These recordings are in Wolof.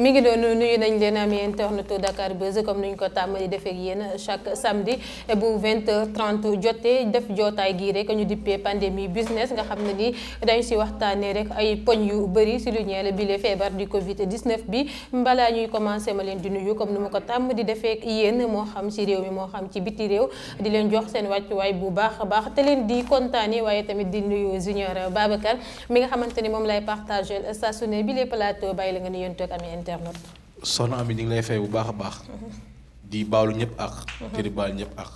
mi ngi doon nuyu nañ leen am internet Dakar Buzz comme ni ñu ko tàmmali defee ak yéen chaque samedi bu 20h30 jotee def jootaay gii rek ñu dippee pandémie business nga xam ne ni dañu si waxtaanee rek ay poñ yu bëri si lu ñeel bi le feebar du Covid 19 bi balaa ñuy commencé ma leen di nuyu comme ni ma ko tàmm di defee ak yéen moo xam si réew mi moo xam ci biti réew di leen jox seen wàccuwaay bu baax a baax te leen di kontaanee waaye tamit di nuyu junior Babacar mi nga xamante ni moom lay partagé saa su ne bi les plateau bàyyi la nga nuyonteeg am internautes. soxna Ami ñu ngi lay fay bu baax a baax. di baalu ñëpp ak te di baal ñëpp ak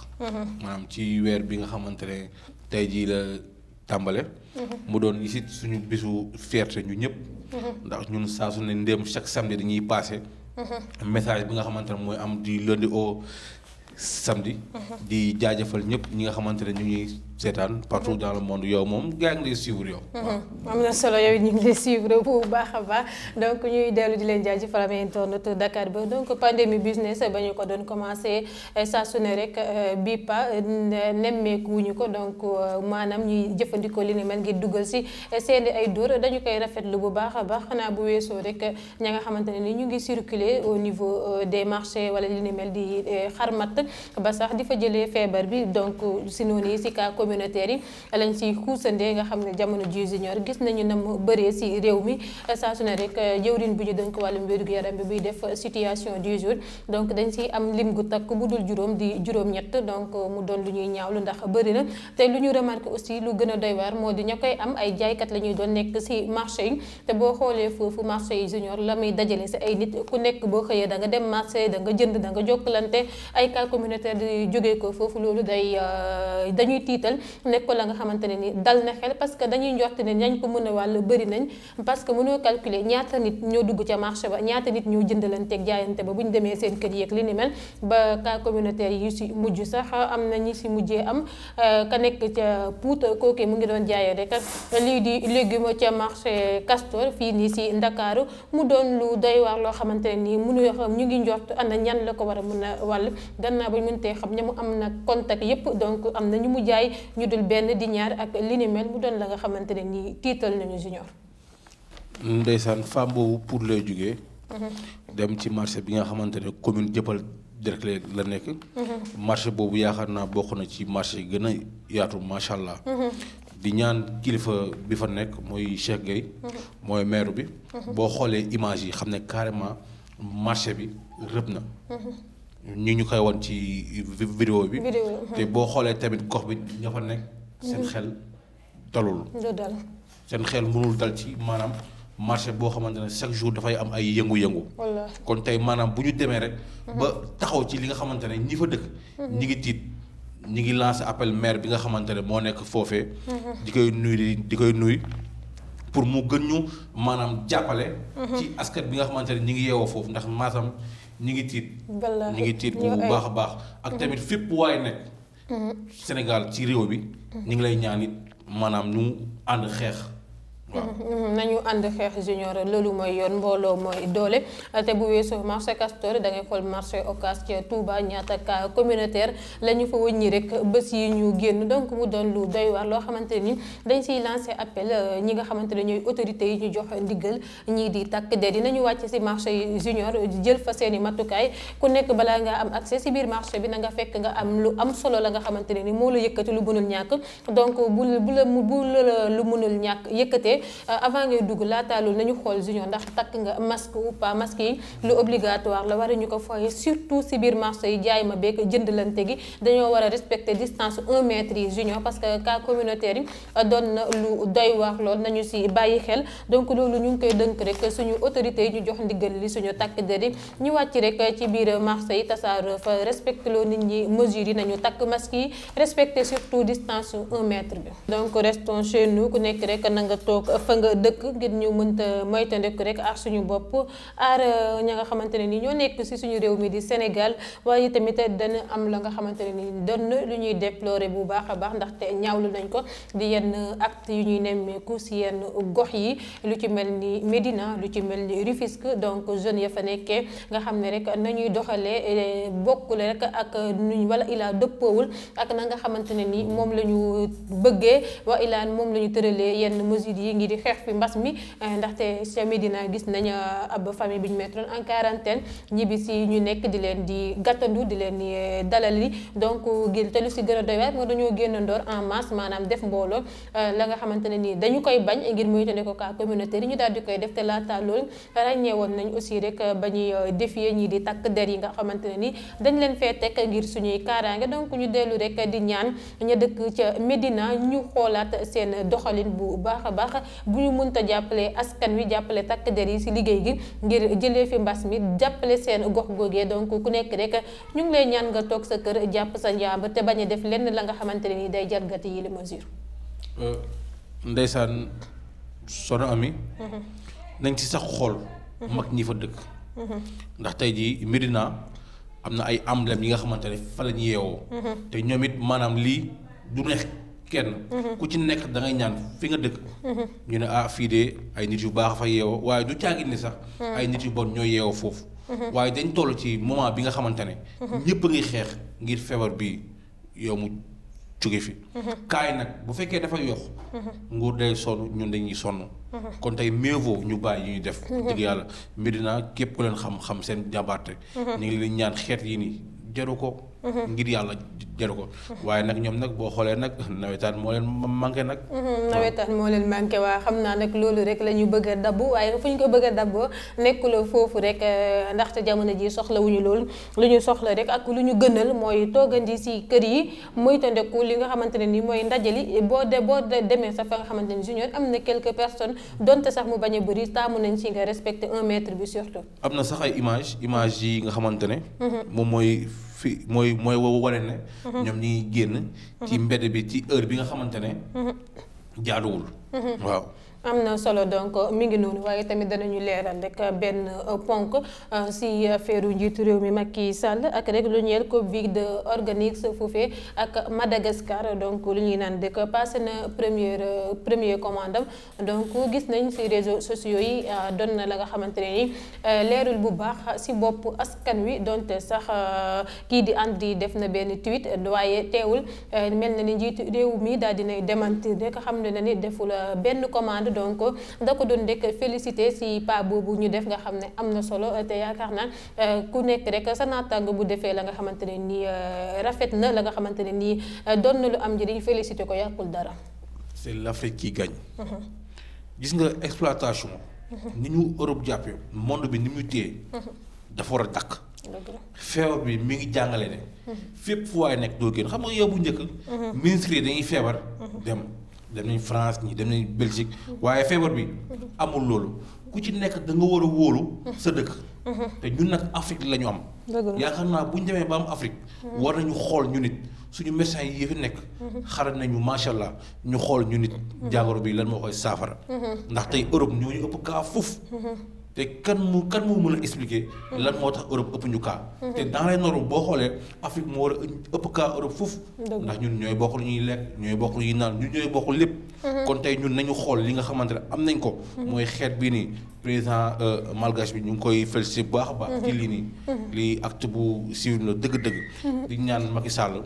maanaam ci weer bi nga xamante ne tey jii la tàmbale. mu doon yi si suñu bisu fierté ñu ñëpp. ndax ñun saa su ne ndéem chaque samedi dañuy passé. message bi nga xamante ne mooy am di lundi au samedi. di jaajëfal ñëpp ñi nga xamante ne ñu ngi. seetaan partout dans le monde yow moom gaa ngi lay suivre yow. Mm-hmm. bu baax a baax donc ñuy dellu di leen jaajëfal amee internet Dakar ba donc pandémie business ba ñu ko doon commencé eh, saa su ne rek eh, bii pa nemmeeku wuñu ko donc eh, maanaam ñuy jëfandikoo li ni mel ngir dugal si seen ay dóor dañu koy rafetlu bu baax a baax xanaa bu weesoo rek ña nga xamante ne ni ñu ngi circuler au niveau des marchés wala li di xarmat ba sax di fa jëlee feebar bi donc si noonu si cas commun communautaire yi lañ si xuusandee nga xam ne jamono ji gis nañu na mu bëree si réew mi saa su rek eh, jëwriñ bu juróom di juróom-ñett donc eh, mu doon lu ñuy ñaawlu ndax bëri na te lu ñu remarqué aussi lu gën a doy waar moo di ña koy am ay jaaykat la ñuy doon nekk si marché yi te boo xoolee foofu marché yi junior la muy dajale si ay nit ku nekk boo xëyee da nga dem marché da nga jënd da nga jokkalante ay cas communautaire ko foofu loolu day eh, dañuy tiital mel nekkul la nga xamante ne ni dal na xel parce que dañuy njort ne ñañ ko mën a wàll bëri nañ parce que mënoo calculer ñaata nit ñoo dugg ca marché ba ñaata nit ñoo jëndalanteeg jaayante ba bu ñu demee seen kër yeeg li ni mel ba cas communautaire yi si mujj sax am na ñi si mujjee am euh, ka nekk ca Pout kooke mu ngi doon jaayee rek lii di légume ca marché Castor fii nii si Ndakaaru mu doon lu doy waar loo xamante ne nii mënu xam ñu ngi njort ana ñan la ko war a mën a wàll gannaaw ba ñu mëntee xam ña mu am na contact yépp donc am na ñu mu jaay ñu dul benn di ñaar ak li ni mel mu doon la nga xamante ne nii tiital nañu junior. ndeysaan femme boobu pour lay jógee. Mhm. dem ci marché bi nga xamante ne commune jëppal direct la nekk. Mhm. marché boobu yaakaar naa bokk na ci marché yi gën a yaatu macha allah. Mhm. di ñaan kilifa bi fa nekk mooy Cheikh Gueye. mooy maire bi. boo xoolee image yi xam ne carrément marché bi rëb na. ñu ñu koy woon ci vidéo bi te uh-huh. boo xoolee tamit gox bi ña fa nekk seen uh-huh. xel dalul seen xel mënul dal ci maanaam marché boo xamante ne chaque jour dafay am ay yëngu-yëngu kon tey maanaam bu ñu demee rek uh-huh. ba taxaw ci li nga xamante ne ñi fa dëkk ñi ngi tiit ñi ngi lancé appel maire bi nga xamante ne moo nekk foofee di koy nuy di koy nuy pour mu gën ñu maanaam jàppale ci askan bi nga xamante ne ñi ngi yeewoo foofu ndax maasam ñu ngi tiit. ñi ngi tiit bu baax a baax. ak mm-hmm. tamit fépp waaye nekk. Mm-hmm. Sénégal ci réew bi. ñu ngi lay ñaan it maanaam ñu ànd xeex. Mm-hmm. nañu ànd xeex junior loolu mooy yoon mbooloo mooy doole te bu weesoo marché Castor da ngay xool marché Ocass ca Touba ñaata cas communautaire la ñu fa wëññi rek bés yi ñu génn donc mu doon lu doy waar loo xamante nii dañ siy lancé appel euh, ñi nga xamante ne ñooy autorités yi ñu jox ndigal ñii di takk de dinañu wàcc si marché junior jël fa seeni mattukaay ku nekk balaa nga am accès si biir marché bi na nga fekk nga am lu am solo la nga xamante ne ni moo la yëkkati lu mënul ñàkk donc bu bu la bu la lu mënul ñàkk yëkkatee Euh, avant ngay dugg laataa loolu nañu xool Junior ndax takk nga masque ou pas masque yi lu obligatoire la war ñu ko foyee surtout si biir marché yi jaay ma beeg jëndlante gi dañoo war a respecter distance un mètre yi Junior parce que cas communautaire yi euh, doon na lu doy wax lool nañu si bàyyi xel donc loolu ñu ngi koy dënk rek suñu autorités yi ñu jox ndiggal li suñu takk der yi ñu wàcc rek ci biir marché yi tasaare fa respecté loo nit ñi mesures yi nañu takk masque yi respecté surtout distance un mètre bi donc restons chez ku nekk rek na nga fa nga dëkk ngir ñu mënta moytandiku rek aar suñu bopp aar euh, ña nga xamante ne ni ñoo nekk si suñu réew mi di Sénégal waaye tamit dana am la nga xamante ne ni doon lu ñuy déplorer bu baax a baax ndaxte ñaawlu nañ ko di yenn acte yu ñuy nemmeeku si yenn gox yi lu ci mel ni Médina lu ci mel ni Rufisque donc jeunes ya fa nekkee nga xam ne rek nañuy doxalee eh, bokkule rek ak nuñ wala ilaa dëppoowul ak na nga xamante ne moom lañu bëggee wa ilaa moom la tëralee yenn mesures yi ngi di xeex fi mbas mi eh, ndaxte ca Medina gis nañ eh, ab famille bi ñu mettoon en quarantaine ñibbi si ñu nekk di leen di gàttandu di leen di eh, dalal li donc ngir te lu si gën a doy waar moo dañoo génnandoor en masse maanaam def mbooloo la nga xamante ne nii dañu koy bañ ngir moytandi ko cas communautaire yi ñu daal di koy def te laata loolu ràññee woon nañ aussi rek ba ñuy défier ñi di takk der yi nga xamante ne nii dañ leen fee teg ngir suñuy kaaraange donc ñu dellu rek di ñaan ña dëkk ca Medina ñu xoolaat seen doxalin bu baax a bu ñu mënta jàppale askan wi jàppale takk der yi si liggéey gi ngir jëlee fi mbas mi jàppale seen gox googee donc ku nekk rek ñu ngi lay ñaan nga toog sa kër jàpp sa njaambur te bañ def lenn la nga xamante ne ni day jalgati yi li mesure. Euh, ndeysaan sono ami nañ ci sax xool. mag ñi fa dëkk. ndax ji jii Medina am na ay emblème yi nga xamante ne fa la yeewoo. Mhm. te ñoom it maanaam lii du neex. kenn. Mhm. ku ci nekk dangay ñaan fi nga dëkk. Mhm. ñu ne ah fii de ay nit yu baax fa yeewoo waaye du caagin indi sax. Mhm. ay nit yu bon ñooy yeewoo foofu. waaye dañ toll ci moment bi nga xamante ne. ñëpp a ngi xeex ngir feebar bi yow mu jóge fi. kaay nag bu fekkee dafa yox nguur day sonn ñun dañuy sonn. kon tey mieux ñu bàyyi ñu def. dëgg yàlla Medina képp ku leen xam xam seen jàmbaarte. ñu ngi leen ñaan xeet yi nii jaru ko. Mm-hmm. ngir yàlla jaru ko. Mm-hmm. waaye nag ñoom nag boo xoolee nag nawetaan moo leen manqué nag. Mm-hmm. nawetaan moo leen manqué waa xam naa nag loolu rek la ñu bëgg a dabb waaye fu ñu ko bëgg a dabb nekkul foofu rek euh, ndaxte jamono ji soxlawuñu lool lu ñu soxla rek ak lu ñu gënal mooy toogandi si kër yi moytandiku li nga xamante ne nii mooy ndajali boo de boo demee sax fa nga xamante ne junior am na quelques personne donte sax mu bañ a bëri taamu nañ si nga respecté un mètre bi surtout. am na sax ay image image yi nga xamante fi mooy mooy wane ne. Mhm. ñoom ñi génn. ci mhm. mbedd bi ci heure bi nga xamante ne. Mhm. jaaduwul waaw. am na solo donc mi ngi noonu waaye tamit danañu leeral rek benn ponk euh, si feeru njiitu réew mi Macky Sall ak rek lu ñeel Covid organique foofee ak Madagascar donc lu ñuy naan dëkk passé na première euh, premier commande donc gis nañ si réseaux sociaux yi euh, doon na la nga xamante ne ni leerul bu baax si bopp askan wi donte sax kii di Andri def na benn tweet waaye teewul mel na ni njiitu réew mi daal dinay démentir rek xam ne na ni deful benn commande. donc da ko doon rek félicité si pa boobu ñu def nga xam ne am na solo te yaakaar naa euh, ku nekk rek sa naataango bu defee la nga xamante ne nii euh, rafet na la nga xamante ne nii euh, doon na lu am njëriñ félicité ko yàqul dara. c'est l'Afrique ci gagne. Mhm. gis nga exploitation. Mhm. ni ñu Europe jàppee monde bi ni mu téye. Mhm. dafa war a dakk feebar bi mi ngi jàngale ne. fépp fu waay nekk doo génn xam nga yow bu njëkk. ministre dañuy feebar dem. dem nañ France ñi dem nañ Belgique waaye feebar bi amul loolu ku ci nekk da nga war a wóolu sa dëkk te ñun nag Afrique la ñu am yaakaar naa bu ñu demee ba am Afrique war nañu xool ñu nit suñu médecins yi fi nekk xarat nañu macha allah ñu xool ñu nit jàngoro bi lan moo koy saafara ndax tey Europe ñooñu ëpp kaa fuf te kan mu kan moo mën a expliquer mhm. lan moo tax Europe ëpp ñu cas mhm. te dans les boo xoolee Afrique moo war ëpp cas Europe foofu ndax ñun ñooy bokk lu ñuy lekk ñooy bokk yi naan ñu ñooy bokk lépp mhm. kon tey ñun nañu xool li nga xamante ne am nañ ko mooy xeet bii nii président euh, malgache bi ñu ngi koy félicité bu baax a baax ci lii nii lii acte bu civil la dëgg-dëgg di ñaan Macky Sall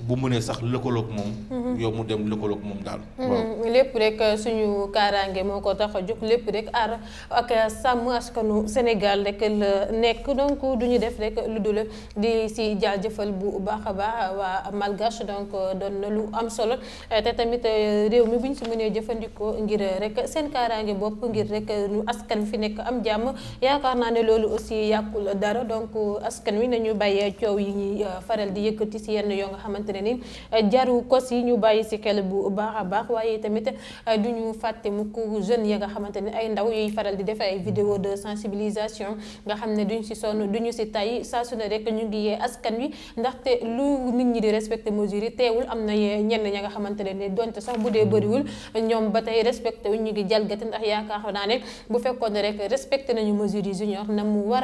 bu mënee sax lëkkaloog moom. Mhm. yow mu dem lëkkaloog moom daal. Mhm. lépp rek euh, suñu kaaraange moo ko tax a lépp rek aar ak euh, sàmm askanu Sénégal rek la nekk donc du ñu def rek lu dul di si jaajëfal bu baax a baax waa Malgache donc euh, doon na lu am solo te tamit réew mi bu ñu si mënee jëfandikoo ngir rek seen kaaraange bopp ngir rek nu askan fi nekk am jàmm yaakaar naa ne loolu aussi la dara donc askan wi nañu bàyyee coow yi ñuy faral di yëkkati si yenn yoo nga xamante xamante ne ni eh, jaru kos yi ñu bàyyi si xel bu baax a baax waaye tamit eh, du ñu fàtte mukk jeunes ya nga xamante ne ay ndaw yuy faral di def ay vidéo de sensibilisation nga xam ne duñ si sonn duñu si tay saa su ne rek ñu ngi yee askan wi ndaxte lu nit ñi di respecté mesures yi teewul am na ñenn ña nga xamante ne ni donte sax bu dee bëriwul ñoom ba tey respecté wuñ ñu ngi jalgati ndax yaakaar naa ne bu fekkoon ne rek respecté nañu mesures yi junior na mu wa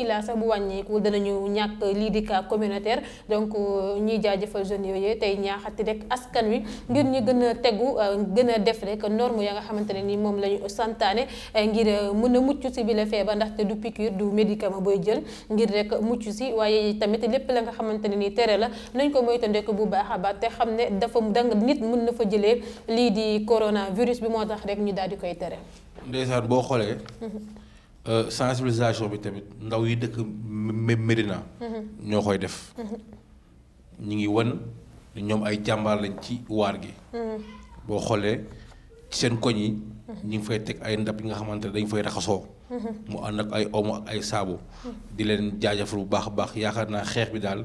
illaa sax lii di cas communautaire donc euh, ñiy jaajëfal jeunes yooyu tey ñaaxati rek askan wi ngir ñu gën a tegu euh, gën a def rek norme ya nga xamante ne ni moom la santaane euh, ngir mun na mucc si bi la feebar ndaxte du piqûre du médicament booy jël ngir rek mucc si waaye tamit lépp la nga xamante ne ni tere la nañ ko moytandiku bu baax a baax te xam ne dafa dang nit mën na fa jëlee lii di coronavirus bi moo tax rek ñu daal di koy tere. Euh, sensibilisation bi tamit ndaw yi dëkk Médina mhm. ñoo koy def mhm. ñu ngi wan ñoom ay jàmbaar lañ ci waar gi mhm. boo xoolee seen koñ yi ñu ngi fay teg ay ndab yi nga xamante ne dañ fay raxasoo mu ànd ak ay omo ay saabu di leen jaajëfal bu baax a baax yaakaar naa xeex bi daal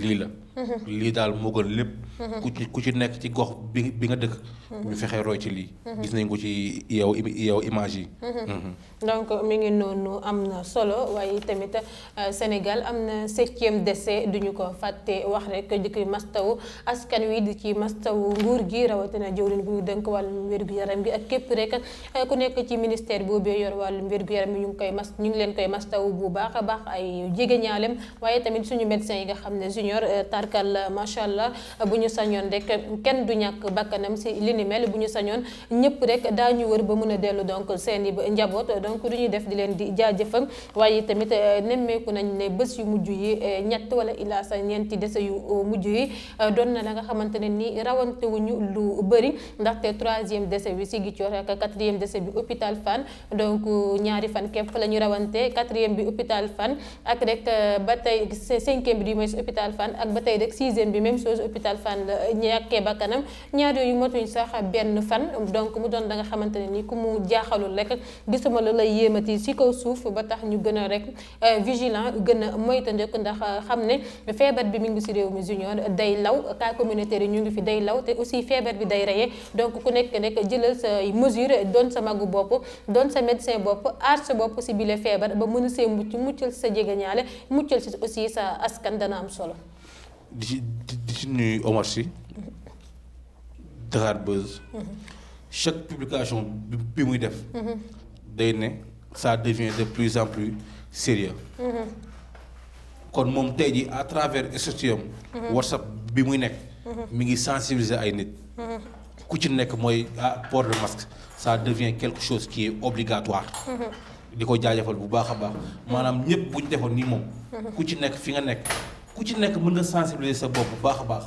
lii la. Mhm. lii daal moo gën lépp. Mhm. ku ci nekk ci gox bi bi nga dëkk. Mhm. ñu fexe roy ci lii. gis nañ ko ci yow yow image yi. donc mi ngi noonu am na solo waaye tamit euh, Sénégal am na septième décès duñu ko fàtte wax rek jëkk mastawu askan wi di ci mastawu nguur gi rawatina jëwriñ bu ñu dënk wàllum wér-gu-yaram gi ak képp rek euh, ku nekk ci ministère boobee yor wàllum wér-gu-yaram bi ñu ngi koy mas ñu ngi leen koy mastawu bu baax baax ay jege waaye tamit suñu médecin yi nga xam ne junior euh, tarkal euh, macha allah bu ñu sañoon rek kenn du ñàkk bakkanam si li ni mel bu ñu sañoon ñëpp rek daañu wër ba mën a dellu donc seeni njaboot donc du ñu def di leen di jaajëfal waaye tamit euh, nemmeeku nañ ne bés yu mujj yi ñett wala ilaa sa ñeenti dese yu mujj yi doon na la nga xamante ne nii rawante lu bëri ndaxte troisième décès bi si Ziguinchor ak quatrième décès bi hôpital Fann donc ñaari fan képp la ñu rawante quatrième bi hôpital Fann ak rek ba tey hôpital Fann ak ba tey rek sixième bi même chose hôpital Fann la ñàkkee bakkanam ñaar yooyu motuñ sax benn fan donc mu doon da nga xamante ne ni ku mu jaaxalul rek gisuma lu lay yéemati si kaw suuf ba tax ñu gën a rek euh, vigilant gën moyta moytandiku ndax xam ne feebar bi mu ngi si réew mi junior day law cas communautaire yi ñu ngi fi day law te aussi feebar bi day reye donc ku nekk rek jëlal sa mesure doon sa magu bopp doon sa médecin bopp aar sa bopp si bile feebar ba mën a see mucc muccal sa jegeñaale muccal si aussi sa askan dana am solo di ci di ci nuyu Omar Sy Dakar Buzz chaque publication bi muy def day ne ça devient de plus en plus sérieux kon moom tey ji à travers institut WhatsApp bi muy nekk mi ngi sensibiliser ay nit ku ci nekk mooy ah, port de masque ça devient quelque chose qui est obligatoire di ko jaajëfal bu baax a baax maanaam ñëpp bu ñu defoon nii moom ku ci nekk fi nga nekk ku ci nekk mun nga sensibiliser sa bopp bu baax a baax.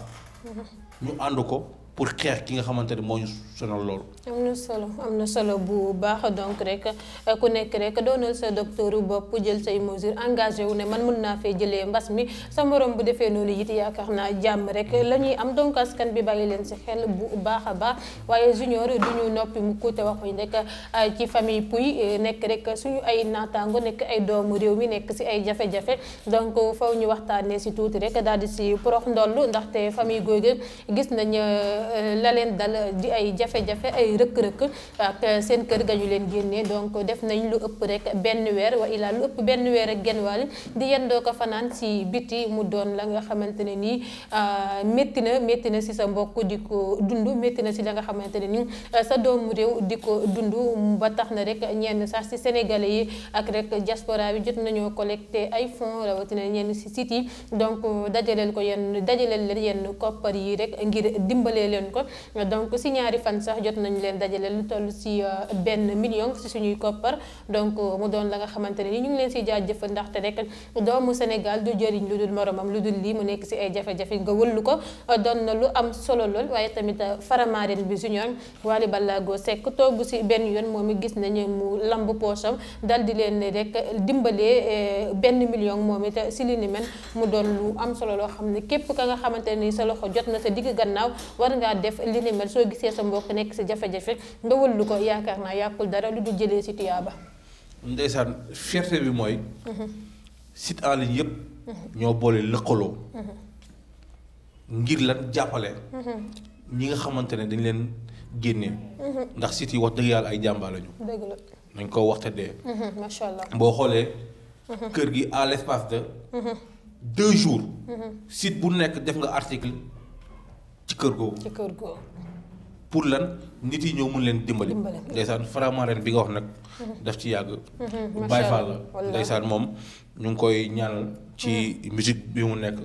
ñu ànd ko pour xeex ki nga xamante ne moo ñu sonal loolu. am na solo am na solo bu baax donc rek eh, ku nekk rek doonal sa docteur bopp jël say mesures engagé wu ne man mun naa fee jëlee mbas mi sa morom bu defee noonu it yaakaar naa jàmm rek la ñuy am donc askan bi bàyyi leen si xel bu baax a baax waaye junior du ñu noppi mu kuute waxuñ rek eh, ci famille Pouye eh, nekk rek suñu ay naataango nekk ay doomu réew mi nekk si ay jafe-jafe donc faw ñu waxtaanee si tuuti rek daal di si porox ndoll ndaxte famille googu gis nañ. Euh, la leen dal di ay jafe-jafe ay rëkk-rëkk ak euh, seen kër ga ñu leen génnee donc def nañ lu ëpp rek benn weer wa ilaa lu ëpp benn weer ak genn wàll di yendoo ko fanaan si biti mu doon la nga xamante ne nii euh, métti na métti si sa mbokk di ko dund métti si la nga xamante ne nii sa doomu réew di ko dund ba tax na rek ñenn sax si sénégalais yi ak rek bi jot nañoo collecté ay fonds rawatina ñenn si sites yi donc dajaleel ko yenn dajaleel leen yenn koppar yi rek ngir dimbalee leen ko donc si ñaari fan sax jot nañ leen dajale lu toll si euh, benn million si suñuy koppar donc euh, mu doon la nga xamante ne ni ñu ngi leen si jaajëfal ndaxte rek doomu Sénégal du jëriñ lu dul moromam lu dul lii mu nekk si ay jafe-jafe nga wëllu ko doon na lu am solo lool waaye tamit euh, Faramareen bi junior Wally Ballago Seck toogu si benn yoon moom it gis nañu mu lamb poosam dal di leen rek dimbalee benn million moom it si li ni mel mu doon lu am solo loo xam ne képp ka nga xamante ne ni sa loxo jot na sa digg gannaaw war ngaa def li soo gisee sa mbokk nekk si jafe-jafe nga wëllu ko yaakaar naa yàqul dara lu du jëlee si tuyaaba. ndeysaan fierté bi mooy. Mhm. site en ligne yëpp. Mhm. ñoo boole lëkkaloo. Mhm. ngir lan jàppale. ñi nga xamante ne dañ leen génne. ndax site yi wax dëgg yàlla ay jàmbaar lañu. dëgg la nañ koo waxte dee. macha allah boo xoolee. kër gi à l' espace de. deux jours. site bu nekk def nga article. ci kër googu ci kër googu. pour lan nit yi ñoo mun leen dimbali. Mm-hmm. ndeysaan vraiment ren bi nga wax nag. Mm-hmm. daf ci yàgg. Mm-hmm. Baye Fall la ndeysaan moom ñu ngi koy ñaanal ci musique bi mu nekk.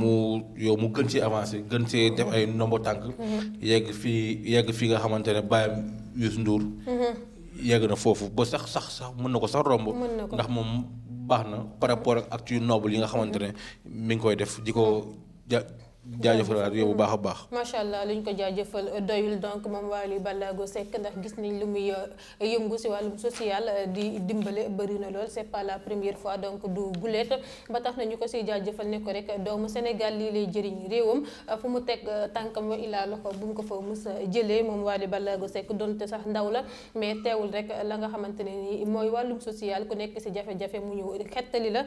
mu yow mu gën ci avancé gën ci def ay ndombo tànk. yegg fii yegg fii nga xamante ne bàyyam Youssou Ndour. yegg na foofu ba sax sax sax mën na ko sax romb. ndax moom baax na par rapport ak ci noble yi nga xamante ne mi ngi koy def di ko jaajëfal waat yow bu baax a baax. macha allah luñ ko jaajëfal doyul donc moom Waly Ballago Seck ndax gis nañ lu muy uh, yëngu si wàllum social uh, di dimbale bëri na lool c'est pas la première fois donc du gulet ba tax na ñu ko siy jaajëfal ne ko rek doomu Sénégal lii lay jëriñ réewam uh, fu mu teg tànkam wa ilaa loxo bu mu ko fa mus jëlee moom Waly Ballago Seck donte sax ndaw la mais teewul rek la nga xamante ne nii mooy wàllum social ku nekk si jafe mu ñëw xettali la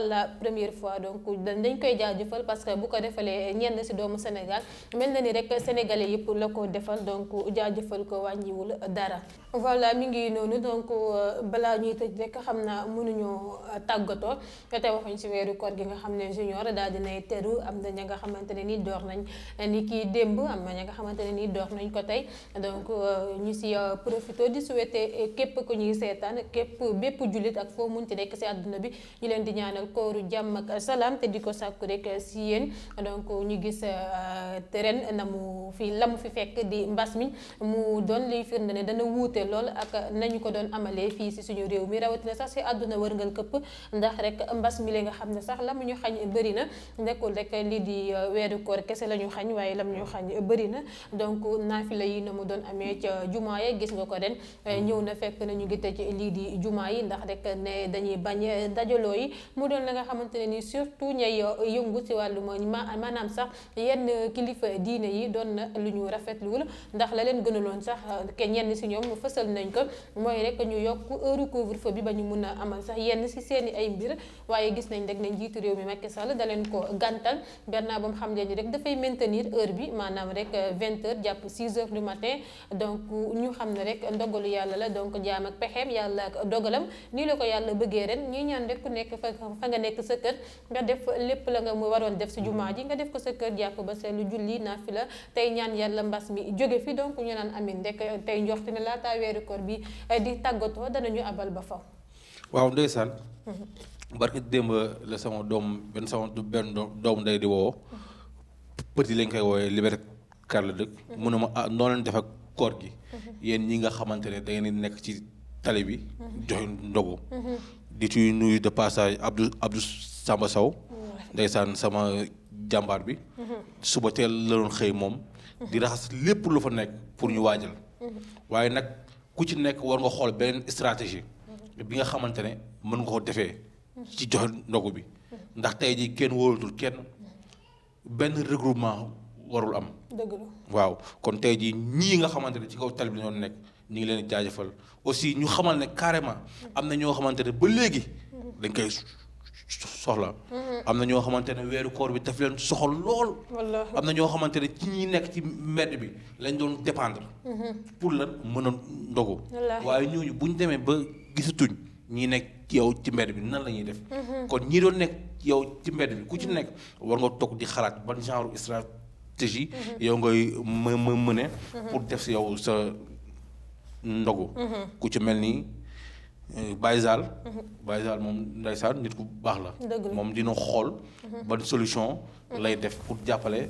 la première fois donc dañ koy jaajëfal parce que bu ko defalee. ñenn si doomu Sénégal mel na ni rek sénégalais yëpp la ko defal donc jaajëfal ko wàññiwul dara. voilà mi ngi noonu donc euh, balaa ñuy tëj rek xam naa mënuñoo tàggatoo te waxuñ si weeru koor gi nga xam ne junior daal dinay teru am na ña nga xamante ne ni door nañ ni kii démb am na ña nga xamante ne ni door nañ ko tey donc euh, ñu si euh, profité di souhaiter képp ku ñuy seetaan képp bépp jullit ak foo munti nekk si àdduna bi ñu leen di ñaanal kooru jàmm ak salaam te di ko sàkku rek si yéen donc ñu gis euh, ren na mu fi la mu fi fekk di mbas mi mu doon liy firnde ne dana wuute lool ak nañu ko doon amalee fii si suñu réew mi rawatina sax si àdduna wërngal këpp ndax rek mbas mi li nga xam ne sax la xañ bëri na nekkul rek lii di euh, weeru koor kese la ñu xañ waaye lam ñu xañ bëri na donc naafila yi na mu doon amee ca jumaa ya gis nga ko den mm. ñëw na fekk na ñu ngi tëj lii di jumaa yi ndax rek ne dañuy bañ dajaloo yi mu doon la nga xamante ne surtout ñay yëngu si wàllum maanaam maanaam sax yenn kilifa diine yi doon na lu ñu rafetluwul ndax la leen gënaloon sax ke ñenn si ñoom fësal nañ ko mooy rek ñu yokk heure couvre-feu bi ba ñu mun a amal sax yenn si seeni ay mbir waaye gis nañ rek ne njiitu réew mi Macky Sall da leen ko gàntal Bernard ba mu xam leen ni rek dafay maintenir heure bi maanaam rek 20 heures jàpp 6 heures du matin donc ñu xam ne rek ndogalu yàlla la donc jaam ak pexeem yàlla dogalam nii la ko yàlla bëggee def ko sa kër jàpp ba seetlu julli naafila tey ñaan yàlla mbas mi jóge fi donc ñu naan amin ndek tey njoxte ne laataa weeru koor bi eh, di tàggatoo danañu abal ba faw waaw ndeysaan mhm. barki démb la sama doom benn sama benn doom nday di woo mhm. petit lañ koy woowee liberté kar la dëkk mhm. mu ne ah noo leen def ak koor gi yéen ñi nga xamante ne da nekk ci tali bi joxe ndogu di ciy nuyu de passage Abdou Abdou Samba Sow ndeysaan sama jàmbaar bi. suba teel la doon xëy moom. di raxas lépp lu fa nekk pour ñu waajal. waaye nag ku ci nekk war nga xool beneen stratégie. bi nga xamante ne mën nga ko defee. ci joxe ndogu bi. ndax tey jii kenn wóolatul kenn benn regroupement warul am. dëgg waaw kon tey jii ñii nga xamante ne ci kaw tali bi ñoo nekk ñu ngi leen di jaajëfal aussi ñu xamal ne carrément am na ñoo xamante ne ba léegi dañ koy. soxla. Mm-hmm. am na ñoo xamante ne weeru koor bi daf leen soxal lool. am na ñoo xamante ne ci ñi nekk ci mbedd bi lañ doon dépendre. Mm-hmm. pour la mën a ndogu. waaye ñooñu bu ñu demee ba gisatuñ ñi nekk ci yow ci mbedd bi nan la ñuy def. Mm-hmm. kon ñi doon nekk ci yow ci mbedd bi ku ci nekk war nga toog di xalaat ban genre stratégie. yow ngay më më mëne. pour def si yow sa ndogu. ku ci mel ni. Euh, Baye Zal. Mhm. Baye Zal moom ndeysaan nit ku baax la. moom dina xool mhm. ban solution. Mhm. lay def pour jàppale.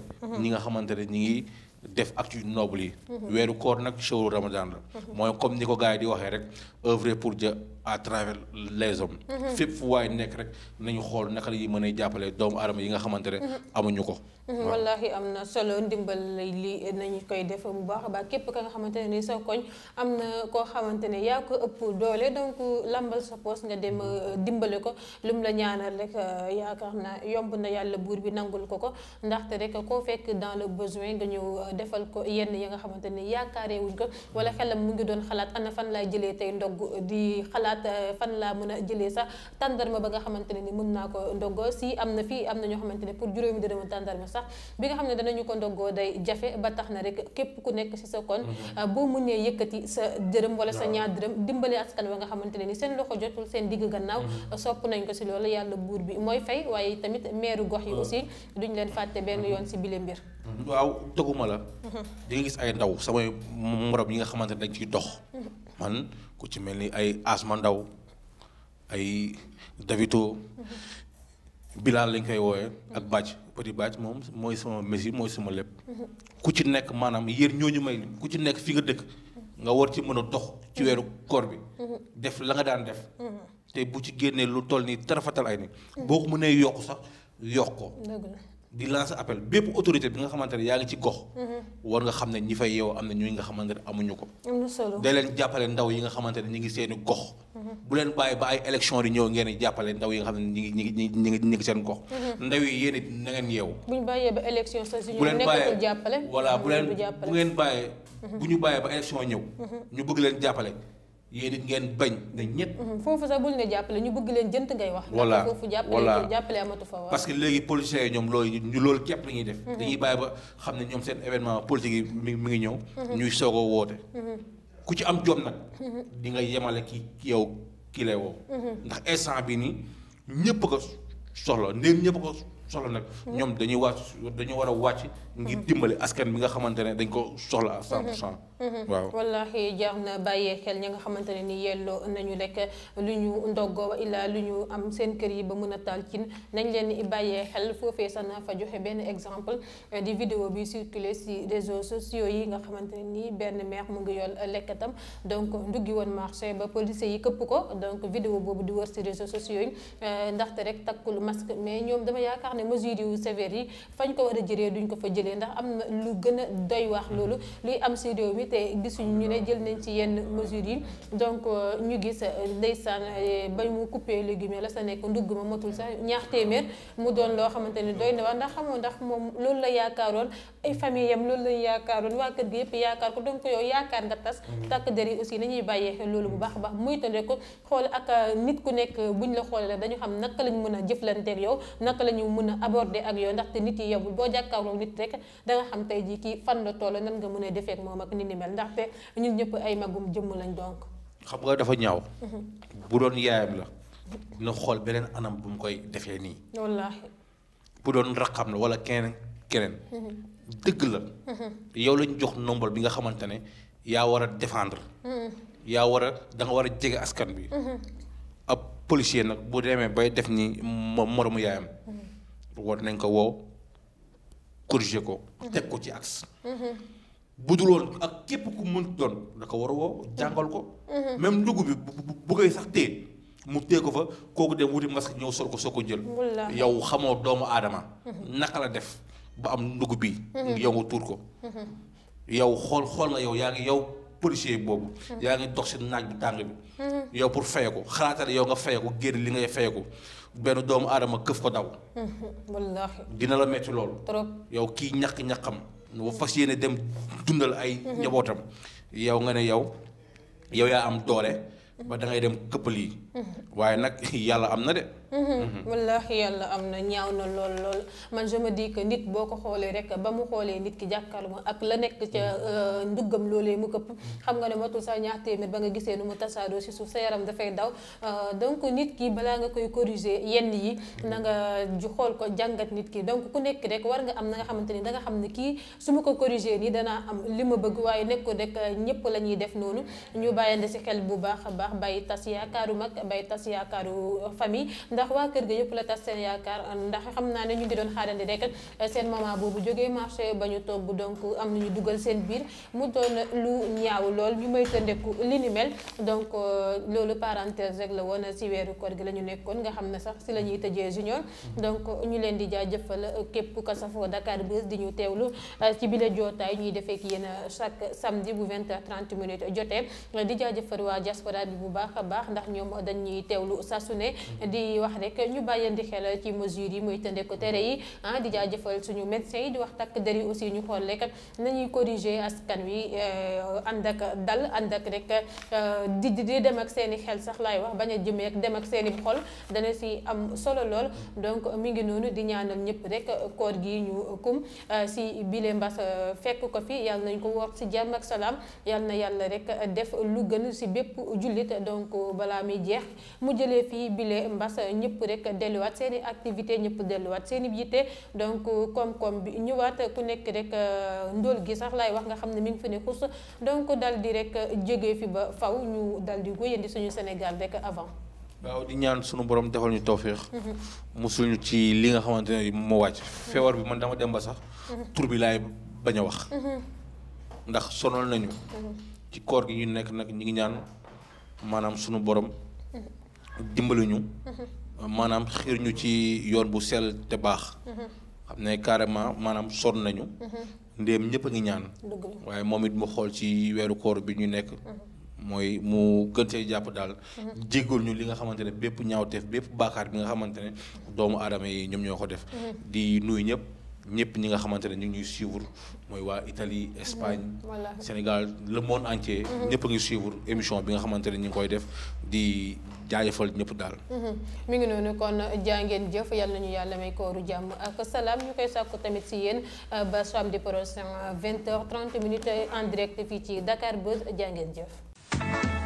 ñi nga xamante ne ñi ngi. def acte yu noble yi. Mhm. weeru koor nag shawru ramadan la. Mhm. mooy comme ni ko gars yi di waxee rek œuvrer pour Dieu à travers les hommes. Mhm. fépp fu waay nekk rek nañu xool naka la ñuy mën a jàppale doomu aadama yi nga xamante amuñu ko. wallahi am na solo ndimbal li nañu koy def bu baax a baax képp ka nga xamante ne sa koñ am na koo xamante ne yaa ko ëpp doole donc lambal sa poos nga dem euh, dimbale ko lum la ñaanal rek euh, yaakaar na yomb na yàlla buur bi nangul ko ko ndaxte defal ko yenn yi nga xamante ni yaakaaree wuñ ko wala xelam mu ngi doon xalaat ana fan laay jëlee tey ndogg di xalaat eh, fan laa mën a jëlee sax tàndarma ba nga xamante ne ni mën naa ko ndoggoo si am na fii am na ñoo xamante ne pour juróomi dërëmu tàndarma sax bi xam ne danañu ko ndoggoo day jafe ba tax na rek képp ku nekk si sa kon mhm. eh, boo mënee yëkkati sa dërëm wala sa ñaar dërëm dimbale askan wa nga xamante ne ni seen loxo jotul seen digg gannaaw mhm. sopp nañ ko si loolu yàlla buur bi mooy fay waaye tamit meeru gox yi aussi duñ leen fàtte benn yoon si bile mbir Mhm. waaw tëgguma la di nga gis ay ndaw samay morom yi nga xamante ne dañ ciy dox man ku ci mel ni ay asma ndaw ay davito bilaan lañ koy wooyee ak bàcc petit bàcc moom mooy sama messi mooy sama lépp ku ci nekk maanaam yéen ñooñu may ku ci nekk fi nga dëkk nga war ci mën a dox ci weeru koor bi def la nga daan def te bu ci génnee lu toll nii tarafatal ay ni boo ko mënee yokk sax yokk di lancer appel bépp autorité bi nga xamante ne yaa ngi ci gox. Mhm. war nga xam ne ñi fay yow am na ñuy nga xamante ne amuñu ko. am na jàppale ndaw yi nga xamante ne ñu ngi seeni gox. Mhm. bu leen bàyyi ba ay élection ngeen di ndaw yi nga xam ne ngi ñu ngi ngi ñu ngi seen gox. Mhm. ndaw yi yéen it na ngeen yeewu. bu ñu bàyyee ba élection sax ñu nekkatul jàppale. voilà bu leen bu ngeen bàyyee. bu ñu bàyyee ba élection ñëw. ñu bëgg leen jàppale. yéen ngeen bañ ne ñett. Mhm, foofu sax buñ la jàppale ñu bëgg leen jënt ngay wax. voilà foofu jàppale jàppale amatu fa parce que léegi politiciens yi ñoom loolu loolu képp la ñuy def. Mhm. dañuy bàyyi ba xam ne ñoom seen événement politique yi mi ngi ñëw. Mhm. ñuy soog a woote. ku ci am jom nag. di nga yemale ki yow ki lay woo. ndax instant bi nii ñëpp ko soxla ndéem ñëpp ko soxla nag. ñoom dañuy wàcc dañu war a wàcc. ngir dimbali askan bi nga xamante ne dañ ko soxla à 100 pour cent mm-hmm. waaw mm-hmm. wallahi jaar na bàyyee xel ñi nga xamante ne ni yelloo nañu rek lu ñu ndoggoo illa lu ñu am seen kër yi ba mën a taal cin nañ leen bàyyee xel foofee sax naa fa joxe benn exemple di vidéo bi circulé si réseaux sociaux yi nga xamante ne nii benn maire mu ngi yool lekkatam donc nduggi woon marché ba policiers yi këpp ko donc vidéo boobu di wër si réseaux sociaux yi euh, ndaxte rek takkul masque a jëlee ndax am na lu gën a doy wax mhm. loolu luy am si réew mi te gisuñu ñu ne mhm. jël nañ ci yenn mesures yi donc euh, ñu gis euh, ndeysaan euh, ba mu coupé légumes la sa nekk ndugg ma matul sax mu doon loo xamante ne doy na wax ndax xamoo ndax moom loolu la yaakaaroon ay famille yam loolu lañu yaakaaroon waa kër gi yëpp yaakaar ko donc yow yaakaar nga tas mhm. takk der yi aussi nañuy bàyyee loolu bu baax a baax muy tënde ko xool ak nit ku nekk buñ la xoolee la dañu xam naka lañ mën a jëflanteeg yow naka la mën a aborder ak yow da xam tey jii kii fan la toll nan nga mën a defee ak moom ak ni ni mel ndaxte ñun ñëpp ay magum jëmm lañ donk xam nga dafa ñaaw. Mhm. bu doon yaayam la. na xool beneen anam bu mu koy defee nii. wallaahi. bu doon raqam la wala keneen keneen. Mhm. dëgg la. Mhm. yow lañ jox nombal bi nga xamante ne yaa war a defendre yaa war a da war a jege askan bi. ab policier nag bu demee bay def ni moromu yaayam. war nañ ko woo corriger ko. Mhm. teg ko ci axe. Mhm. budul woon ak képp ku mënti doon da ko war a woo jàngal ko. Mhm. même ndugg bi bu bu sax téye mu téye ko fa kooku dem wuti masque ñëw sol ko soo ko jël. yow xamoo doomu aadama. naka la def ba am ndugub bi. yow nga tuur ko. yow xool xool nga yow yaa ngi yow policier boobu. yaa ngi dox si naaj bi tàng bi. yow pour fay ko xalaatal yow nga fay ko génn li ngay fay ko. benn doomu aadama këf ko daw. dina la metti loolu. trop yow kii ñàkk-ñàkkam. nga fas yéene dem dundal ay. njabootam yow nga ne yow yow yaa am doole. ba da dem këppal yi. waaye nag yàlla am na de. Mhm. wallaahi yàlla am na ñaaw na lool lool man je me dis que nit boo ko xoolee rek ba mu xoolee nit ki jàkkaarloo ak la nekk ca mhm. euh, nduggam loolee mu këpp xam nga ne matul sax ñaar téeméer ba nga gisee nu mu tasaadoo si suuf sa yaram dafay daw euh, donc nit ki balaa nga koy corriger yenn yi na nga ju xool ko jàngat nit ki donc ku nekk rek war nga am na nga xamante ni da xam ne kii su ma ko corriger nii danaa am li ma bëgg waaye nekk ko rek ñëpp la ñuy def noonu ñu bàyyande si xel bu baax bay tas yaakaaru famille ndax waa kër ga yëpp la tas seen yaakaar ndax xam naa ne ñu ngi doon xaarandi rek seen maman boobu jógee marché ba ñu togg donc euh, loolu parenthèse rek la woon si weeru koor gi la ñu nekkoon nga xam ne sax si la ñuy tëjee junior donc ñu leen di jaajëfal képp ka safoo Dakar Buzz di ñu teewlu euh, ci bile jootaay ñuy defee ak yéen chaque samedi bu 20h30 minutes jotee di jaajëfal waa diaspora bi bu baax a baax ndax ñoom dañuy teewlu saa su ne mm-hmm. di wax rek ñu bàyyandi xel ci mesures yi muy tënde ko tere yi ah di jaajëfal suñu médecins yi di wax takk der aussi ñu xool rek nañuy corriger askan wi eh, ànd ak dal ànd ak rek eh, di di dem ak seeni xel sax laay wax bañ a jëmee ak dem ak seen i xol dana si am solo lool mm-hmm. donc mu ngi noonu di ñaanal ñëpp rek koor gi ñu kum eh, si bile mbas fekk ko fi yàlla nañ ko woor si jàmm ak salaam yàlla na yàlla rek def lu gën si bépp jullit donc balaa mu jëlee fii bile mbas ñëpp rek delluwaat seeni i activité ñëpp delluwaat seeni i yitte donc koom-koom bi ñëwaat ku nekk rek euh, ndóol gi sax laay wax nga xam ne mi ngi fi ne xus donc dal di rek jógee fi ba faw ñu dal di wéyandi suñu Sénégal rek avant waaw di ñaan sunu boroom defal ñu tawféex mhm. musul ñu ci li nga xamante ne mu wàcc mhm. feewar bi man dama dem ba sax mhm. tur bi laay bañ a wax ndax sonal nañu ci koor gi ñu nekk nag ñu ngi ñaan maanaam sunu borom ñu mm-hmm. maanaam xiir ñu ci yoon bu sell te baax mm-hmm. xam ne carrément maanaam sonn nañu mm-hmm. ndéem ñëpp a ngi ñaan waaye moom it mu xool ci weeru koor bi ñu nekk mooy mu gën see jàpp daal jégal ñu li nga xamante ne bépp ñaawteef bépp baakaar bi nga xamante ne doomu aadama yi ñoom ñoo ko def di nuyu ñëpp ñëpp ñi nga xamante ne ñu ngi ñuy suivre mooy waa Italie Espagne mmh, Sénégal le monde entier mmh. ñëpp a ngi suivre émission bi nga xamante ne ñu ngi koy def di jaajëfal ñëpp daal mu mmh. ngi noonu kon jàngeen ngeen jëf yàlla ñu yàlla may kooru jàmm ak salaam ñu koy sàkku tamit si yéen euh, ba samedi prochain vingt heures trente minutes en direct fii ci Dakar Buzz jàngeen ngeen jëf